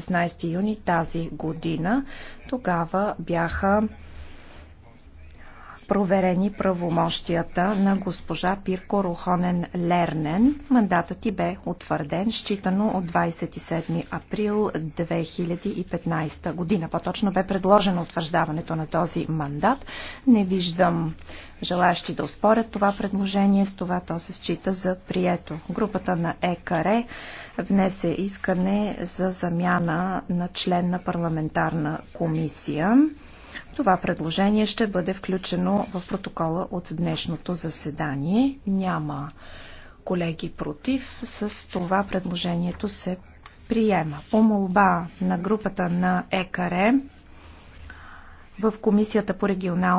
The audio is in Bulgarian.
16 юни тази година. Тогава бяха проверени правомощията на госпожа Пирко Рухонен Лернен. Мандатът ти бе утвърден, считано от 27 април 2015 година. По-точно бе предложено утвърждаването на този мандат. Не виждам желащи да успорят това предложение, с това то се счита за прието. Групата на ЕКР внесе искане за замяна на член на парламентарна комисия. Това предложение ще бъде включено в протокола от днешното заседание. Няма колеги против. С това предложението се приема. По молба на групата на ЕКР в Комисията по регионал